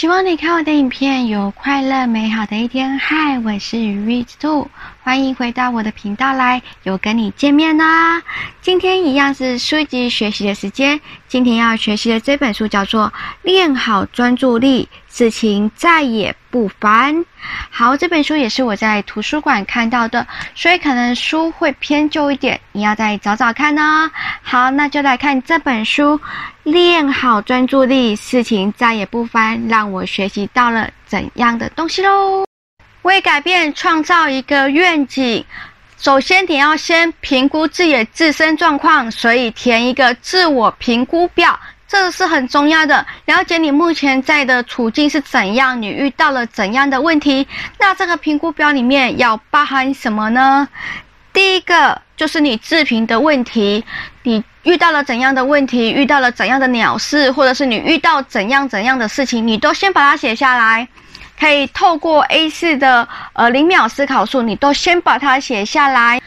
希望你看我的影片有快樂美好的一天。Hi，我是 Rabbit 兔，歡迎回到我的頻道來，有跟你見面啦、啊。今天一樣是書籍學習的時間，今天要學習的這本書叫做《練好專注力》。事情再多也不煩。好，這本書也是我在圖書館看到的，所以可能書會偏舊一點，你要再找找看哦。好，那就來看這本書，《練好專注力，事情再多也不煩》，讓我學習到了怎樣的東西嘍？為改變創造一個願景，首先你要先評估自己的自身狀況，所以填一個自我評估表。這是很重要的，了解你目前在的處境是怎樣，你遇到了怎樣的問題。那這個評估表裡面要包含什麼呢？第一個就是你自評的問題，你遇到了怎樣的問題，遇到了怎樣的鳥事，或者是你遇到怎樣怎樣的事情，你都先把它寫下來。可以透過 A4 的呃零秒思考術，你都先把它寫下來。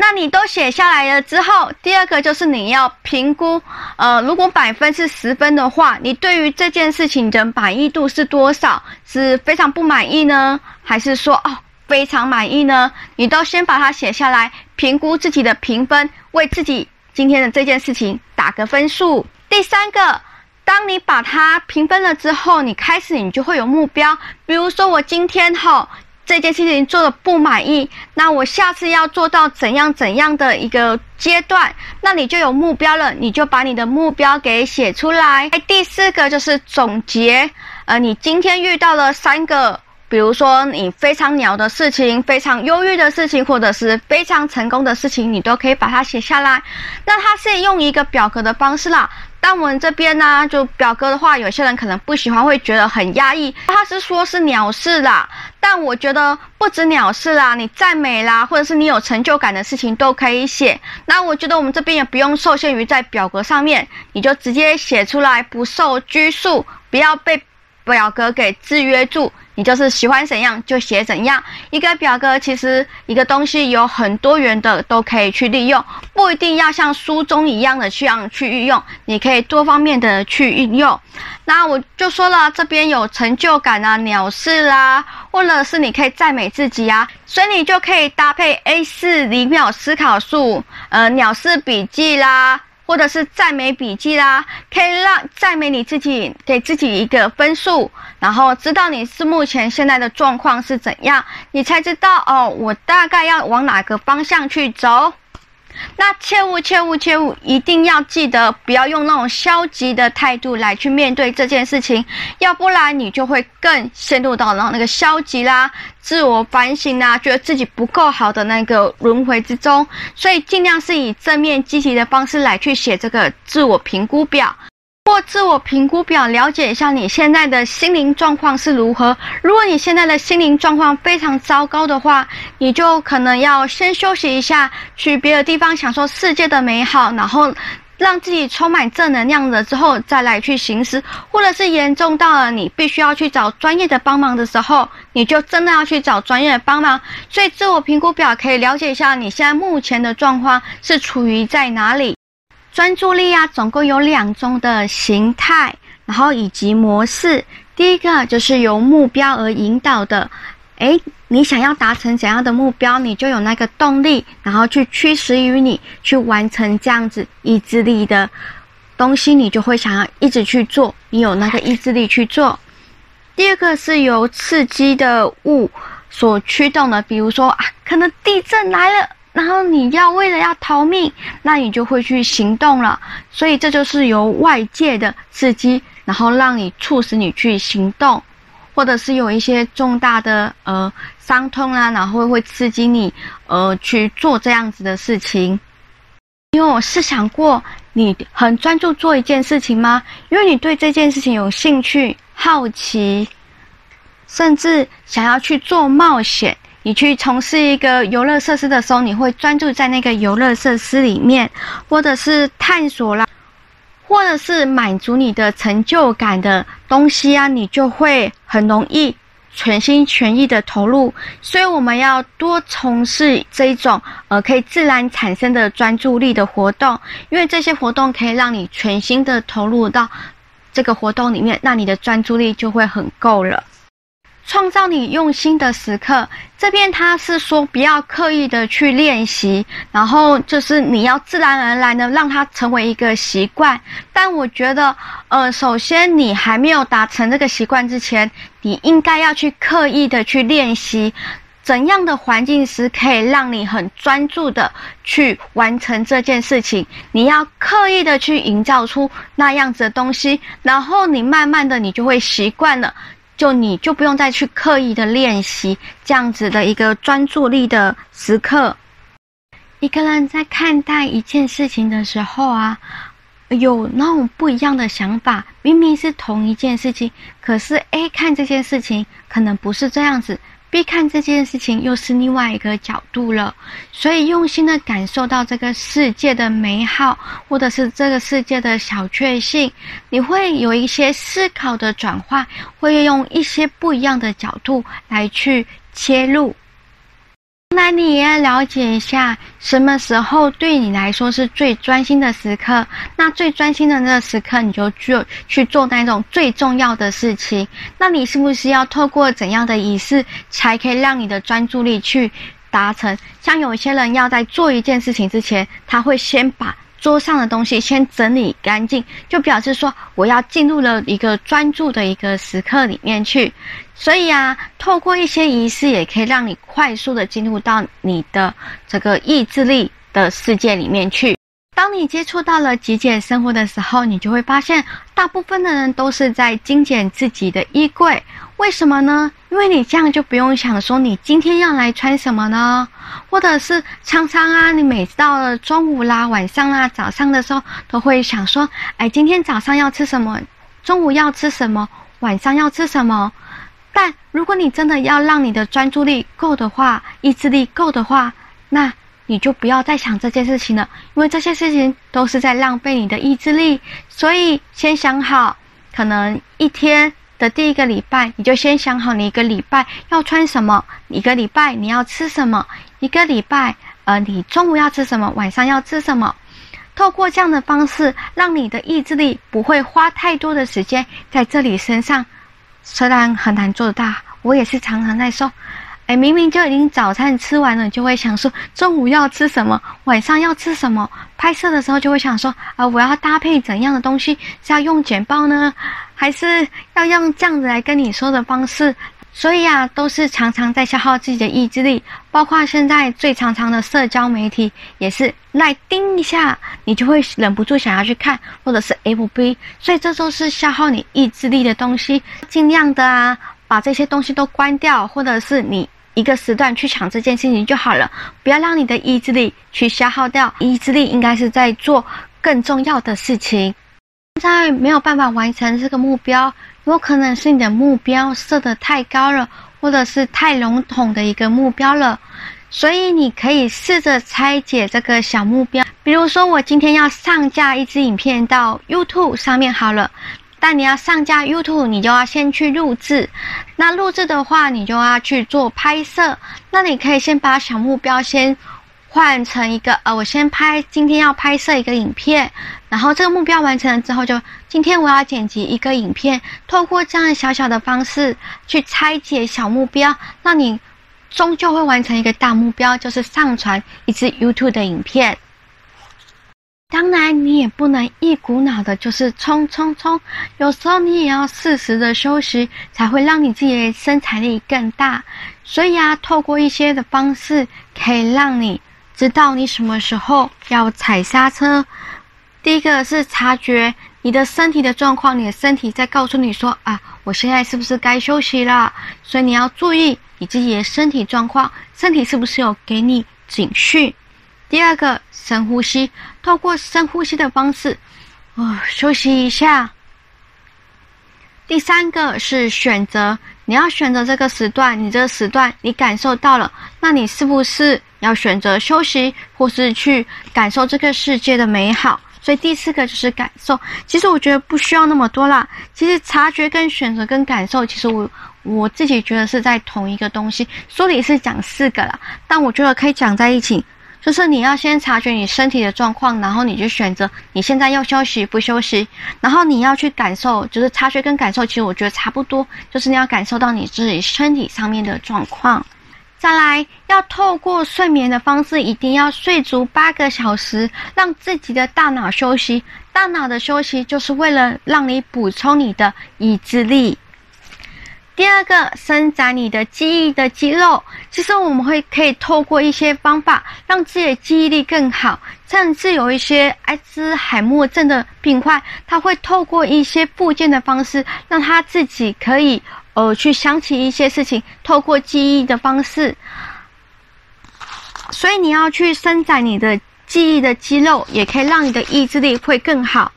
那你都寫下來了之後，第二個就是你要評估，呃，如果百分是十分的話，你對於這件事情的滿意度是多少？是非常不滿意呢，還是說哦非常滿意呢？你都先把它寫下來，評估自己的評分，為自己今天的這件事情打個分數。第三個，當你把它評分了之後，你開始你就會有目標，比如說我今天哈。這件事情做的不滿意，那我下次要做到怎樣怎樣的一個階段，那你就有目標了，你就把你的目標給寫出來。第四個就是總結，呃，你今天遇到了三個，比如說你非常鳥的事情，非常憂鬱的事情，或者是非常成功的事情，你都可以把它寫下來。那它是用一個表格的方式啦。但我們這邊呢、啊，就表格的話，有些人可能不喜歡，會覺得很壓抑。他是說，是鳥事啦，但我覺得不止鳥事啦，你讚美啦，或者是你有成就感的事情都可以寫。那我覺得我們這邊也不用受限於在表格上面，你就直接寫出來，不受拘束，不要被表格給制約住。你就是喜歡怎樣就寫怎樣。一個表格其實一個東西有很多元的都可以去利用，不一定要像書中一樣的這樣去運用，你可以多方面的去運用。那我就說了，這邊有成就感啊，鳥式啦，或者是你可以讚美自己啊，所以你就可以搭配 A 四零秒思考術，呃，鳥式筆記啦。或者是讚美筆記啦，可以讓讚美你自己，給自己一個分數，然後知道你是目前現在的狀況是怎樣，你才知道哦，我大概要往哪個方向去走。那切勿切勿切勿，一定要記得不要用那種消極的態度來去面對這件事情，要不然你就會更陷入到那個消極啦、啊、自我反省啦、啊、覺得自己不夠好的那個輪迴之中。所以盡量是以正面積極的方式來去寫這個自我評估表。通過自我評估表了解一下你現在的心靈狀況是如何。如果你現在的心靈狀況非常糟糕的話，你就可能要先休息一下，去別的地方享受世界的美好，然後讓自己充滿正能量了之後再來去行事。或者是嚴重到了你必須要去找專業的幫忙的時候，你就真的要去找專業的幫忙。所以自我評估表可以了解一下你現在目前的狀況是處於在哪裡。專注力啊，總共有兩種的形態，然後以及模式。第一個就是由目標而引導的，哎，你想要達成怎樣的目標，你就有那個動力，然後去驅使於你去完成這樣子意志力的東西，你就會想要一直去做，你有那個意志力去做。第二個是由刺激的物所驅動的，比如說啊，可能地震來了。然後你要為了要逃命，那你就會去行動了。所以這就是由外界的刺激，然後讓你促使你去行動，或者是有一些重大的呃傷痛啊，然後會刺激你呃去做這樣子的事情。因為我是想過，你很專注做一件事情嗎？因為你對這件事情有興趣、好奇，甚至想要去做冒險。你去從事一個遊樂設施的時候，你會專注在那個遊樂設施裡面，或者是探索啦，或者是滿足你的成就感的東西啊，你就會很容易全心全意的投入。所以我們要多從事這一種呃可以自然產生的專注力的活動，因為這些活動可以讓你全心的投入到這個活動裡面，那你的專注力就會很夠了。創造你用心的時刻，這邊他是說不要刻意的去練習，然後就是你要自然而然的讓它成為一個習慣。但我覺得，呃，首先你還沒有達成這個習慣之前，你應該要去刻意的去練習，怎樣的環境是可以讓你很專注的去完成這件事情？你要刻意的去營造出那樣子的東西，然後你慢慢的你就會習慣了。就，你就不用再去刻意的練習這樣子的一個專注力的時刻。一個人在看待一件事情的時候啊，有那種不一樣的想法，明明是同一件事情，可是 A 看這件事情可能不是這樣子。必看這件事情，又是另外一個角度了，所以用心的感受到這個世界的美好，或者是這個世界的小確幸，你會有一些思考的轉化，會用一些不一樣的角度來去切入。那你也要了解一下，什麼時候對你來說是最專心的時刻？那最專心的那個時刻，你就去做那種最重要的事情。那你是不是要透過怎樣的儀式，才可以讓你的專注力去達成？像有些人要在做一件事情之前，他會先把桌上的東西先整理乾淨，就表示說我要進入了一個專注的一個時刻裡面去。所以啊，透過一些儀式也可以讓你快速的進入到你的這個意志力的世界裡面去。當你接觸到了極簡生活的時候，你就會發現，大部分的人都是在精簡自己的衣櫃。為什麼呢？因為你這樣就不用想說你今天要來穿什麼呢，或者是常常啊，你每次到了中午啦、晚上啦、早上的時候，都會想說，哎，今天早上要吃什麼，中午要吃什麼，晚上要吃什麼。但如果你真的要讓你的專注力夠的話，意志力夠的話，那。你就不要再想這件事情了，因為這些事情都是在浪費你的意志力。所以先想好，可能一天的第一個禮拜，你就先想好你一個禮拜要穿什麼，一個禮拜你要吃什麼，一個禮拜，呃，你中午要吃什麼，晚上要吃什麼。透過這樣的方式，讓你的意志力不會花太多的時間在這裡身上。雖然很難做到，我也是常常在說。誒，明明就已經早餐吃完了，你就會想說中午要吃什麼，晚上要吃什麼？拍攝的時候就會想說啊、呃，我要搭配怎樣的東西？是要用簡報呢，還是要用這樣子來跟你說的方式？所以啊，都是常常在消耗自己的意志力。包括現在最常常的社交媒體，也是 LINE 叮一下，你就會忍不住想要去看，或者是 FB。所以這都是消耗你意志力的東西。盡量的啊，把這些東西都關掉，或者是你。一個時段去搶這件事情就好了，不要讓你的意志力去消耗掉。意志力應該是在做更重要的事情。現在沒有辦法完成這個目標，有可能是你的目標設得太高了，或者是太籠統的一個目標了。所以你可以試着拆解這個小目標，比如說我今天要上架一支影片到 YouTube 上面好了。但你要上架 YouTube，你就要先去錄製。那錄製的話，你就要去做拍攝。那你可以先把小目標先換成一個，呃，我先拍，今天要拍攝一個影片。然後這個目標完成了之後就，就今天我要剪輯一個影片。透過這樣小小的方式去拆解小目標，那你終究會完成一個大目標，就是上傳一支 YouTube 的影片。當然，你也不能一股腦的，就是衝衝衝。有時候你也要適時的休息，才會讓你自己的生產力更大。所以啊，透過一些的方式，可以讓你知道你什麼時候要踩剎車。第一個是察覺你的身體的狀況，你的身體在告訴你說：“啊，我現在是不是該休息了？”所以你要注意你自己的身體狀況，身體是不是有給你警訊。第二個，深呼吸。透過深呼吸的方式，哦，休息一下。第三個是選擇，你要選擇這個時段，你這個時段你感受到了，那你是不是要選擇休息，或是去感受這個世界的美好？所以第四個就是感受。其實我覺得不需要那麼多啦。其實察覺跟選擇跟感受，其實我我自己覺得是在同一個東西。書裡是講四個啦，但我覺得可以講在一起。就是你要先察覺你身體的狀況，然後你就選擇你現在要休息不休息，然後你要去感受，就是察覺跟感受，其實我覺得差不多。就是你要感受到你自己身體上面的狀況，再來要透過睡眠的方式，一定要睡足八個小時，讓自己的大腦休息。大腦的休息就是為了讓你補充你的意志力。第二個，伸展你的記憶的肌肉。其實我們會可以透過一些方法，讓自己的記憶力更好。甚至有一些阿茲海默症的病患，他會透過一些復健的方式，讓他自己可以呃去想起一些事情，透過記憶的方式。所以你要去伸展你的記憶的肌肉，也可以讓你的意志力會更好。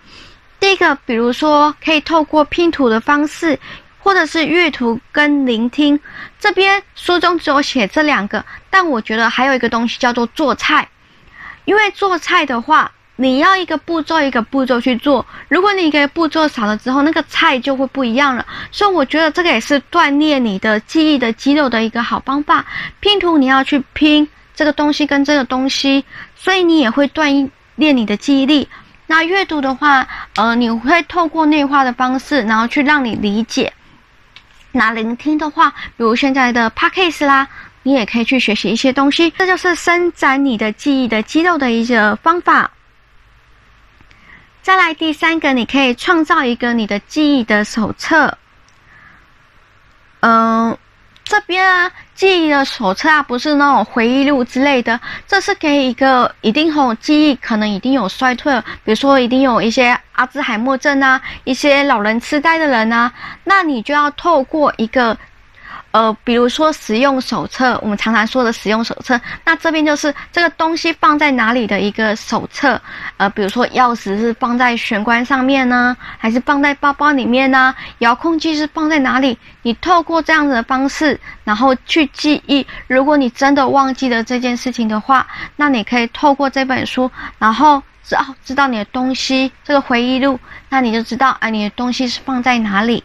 第一個，比如說可以透過拼圖的方式。或者是閱讀跟聆聽，這邊書中只有寫這兩個，但我覺得還有一個東西叫做做菜，因為做菜的話，你要一個步驟一個步驟去做，如果你一個步驟少了之後，那個菜就會不一樣了。所以我覺得這個也是鍛鍊你的記憶的肌肉的一個好方法。拼圖你要去拼這個東西跟這個東西，所以你也會鍛鍊你的記憶力。那閱讀的話，呃，你會透過內化的方式，然後去讓你理解。拿聆聽的話，比如現在的 Podcast 啦，你也可以去學習一些東西，這就是伸展你的記憶的肌肉的一個方法。再來第三個，你可以創造一個你的記憶的手冊，嗯。這邊啊，記憶的手冊啊，不是那種回憶錄之類的，這是給一個一定有記憶可能已經有衰退，比如說一定有一些阿茲海默症啊，一些老人癡呆的人啊，那你就要透過一個。呃，比如說使用手冊，我們常常說的使用手冊，那這邊就是這個東西放在哪裡的一個手冊。呃，比如說鑰匙是放在玄關上面呢、啊，還是放在包包裡面呢、啊？遙控器是放在哪裡？你透過這樣子的方式，然後去記憶。如果你真的忘記了這件事情的話，那你可以透過這本書，然後知哦知道你的東西，這個回憶錄，那你就知道，啊、哎、你的東西是放在哪裡。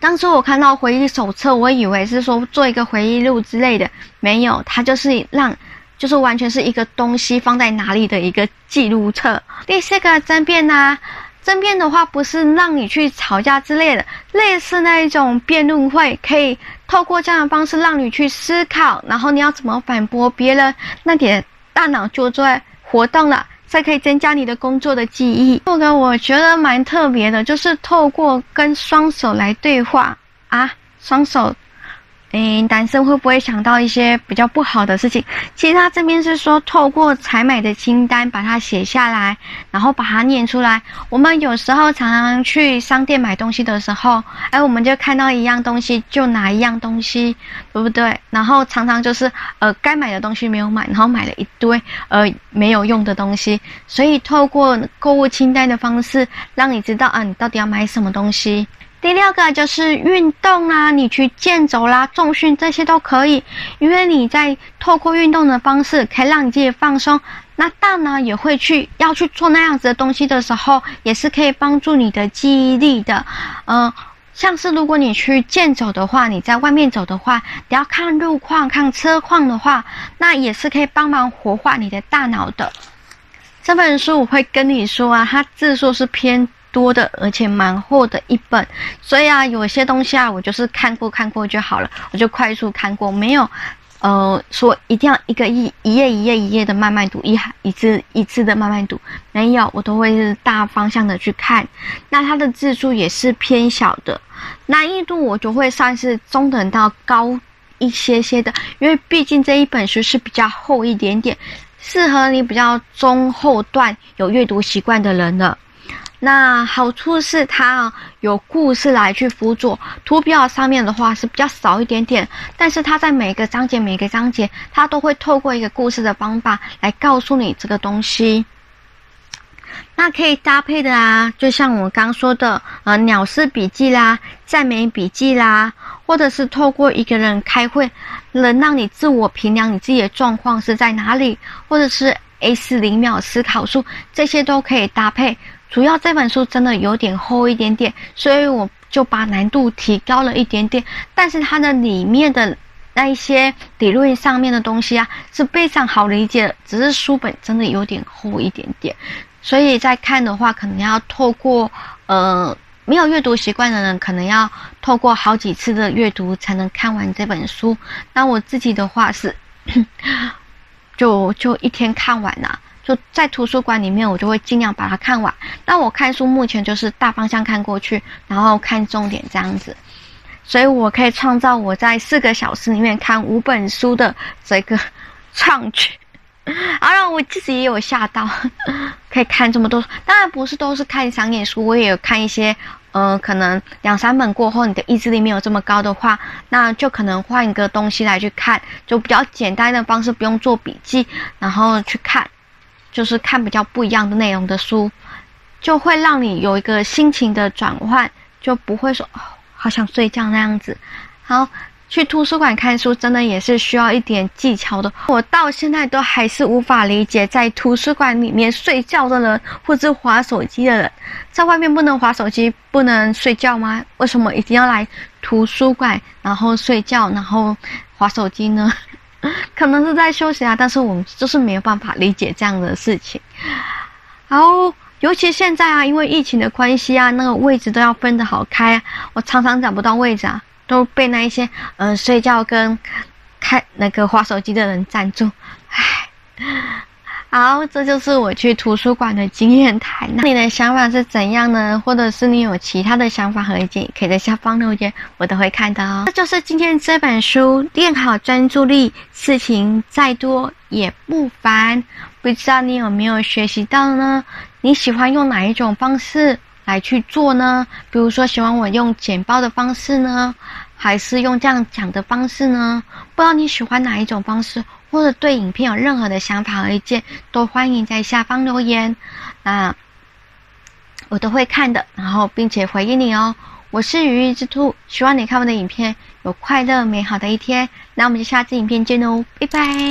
當初我看到回憶手冊，我以為是說做一個回憶錄之類的，沒有，它就是讓，就是完全是一個東西放在哪裡的一個記錄冊。第四個爭辯吶、啊，爭辯的話不是讓你去吵架之類的，類似那一種辯論會，可以透過這樣的方式讓你去思考，然後你要怎麼反駁別人，那你的大腦就在活動了。再可以增加你的工作的記憶。這個我覺得蠻特別的，就是透過跟雙手來對話啊，雙手。誒、嗯，男生會不會想到一些比較不好的事情？其實他這邊是說，透過採買的清單把它寫下來，然後把它念出來。我們有時候常常去商店買東西的時候，哎、呃，我們就看到一樣東西就拿一樣東西，對不對？然後常常就是呃，該買的東西沒有買，然後買了一堆呃沒有用的東西。所以透過購物清單的方式，讓你知道啊、呃，你到底要買什麼東西。第六個就是運動啦，啊，你去健走啦，啊，重訓這些都可以，因為你在透過運動的方式，可以讓你自己放鬆。那大腦也會去要去做那樣子的東西的時候，也是可以幫助你的記憶力的。嗯，呃，像是如果你去健走的話，你在外面走的話，你要看路況、看車況的話，那也是可以幫忙活化你的大腦的。這本書我會跟你說啊，它字數是偏。多的，而且蠻厚的一本，所以啊，有些東西啊，我就是看過看過就好了，我就快速看過，沒有，呃，說一定要一個一一頁一頁一頁的慢慢讀，一一次一次的慢慢讀，沒有，我都會是大方向的去看。那它的字數也是偏小的，難易度我就會算是中等到高一些些的，因為畢竟這一本書是比較厚一點點，適合你比較中後段有閱讀習慣的人了。那好處是它、啊、有故事來去輔佐，圖表上面的話是比較少一點點，但是它在每一個章節、每一個章節，它都會透過一個故事的方法來告訴你這個東西。那可以搭配的啊，就像我剛說的，呃，鳥式筆記啦，讚美筆記啦，或者是透過一個人開會，能讓你自我評量你自己的狀況是在哪裡，或者是 A4 零秒思考書，這些都可以搭配。主要這本書真的有點厚一點點，所以我就把難度提高了一點點。但是它的裡面的那一些理論上面的東西啊，是非常好理解的。只是書本真的有點厚一點點，所以在看的話，可能要透過呃，沒有閱讀習慣的人，可能要透過好幾次的閱讀才能看完這本書。那我自己的話是，就就一天看完了啊。就在圖書館裡面，我就會儘量把它看完。那我看書目前就是大方向看過去，然後看重點這樣子，所以我可以創造我在四個小時裡面看五本書的這個創舉。啊，那，我自己也有嚇到，可以看這麼多。當然不是都是看商業書，我也有看一些，呃可能兩三本過後，你的意志力沒有這麼高的話，那就可能換一個東西來去看，就比較簡單的方式，不用做筆記，然後去看。就是看比較不一樣的內容的書，就會讓你有一個心情的轉換，就不會說，哦，好想睡覺那樣子。好，去圖書館看書，真的也是需要一點技巧的。我到現在都還是無法理解，在圖書館裡面睡覺的人，或者滑手機的人，在外面不能滑手機，不能睡覺嗎？為什麼一定要來圖書館，然後睡覺，然後滑手機呢？可能是在休息啊，但是我們就是沒有辦法理解這樣的事情。然後，尤其現在啊，因為疫情的關係啊，那個位置都要分得好開啊，我常常找不到位置啊，都被那一些呃睡覺跟開那個滑手機的人佔住，唉。好，這就是我去圖書館的經驗談。那你的想法是怎樣呢？或者是你有其他的想法和意見，可以在下方留言，我都會看到哦。這就是今天這本書《練好專注力，事情再多也不煩》。不知道你有沒有學習到呢？你喜歡用哪一種方式來去做呢？比如說喜歡我用簡報的方式呢，還是用這樣講的方式呢？不知道你喜歡哪一種方式。或者對影片有任何的想法和意見，都歡迎在下方留言，那、啊、我都會看的，然後並且回應你哦。我是羽翼之兔，希望你看我的影片有快樂美好的一天。那我們就下次影片見嘍、哦，拜拜。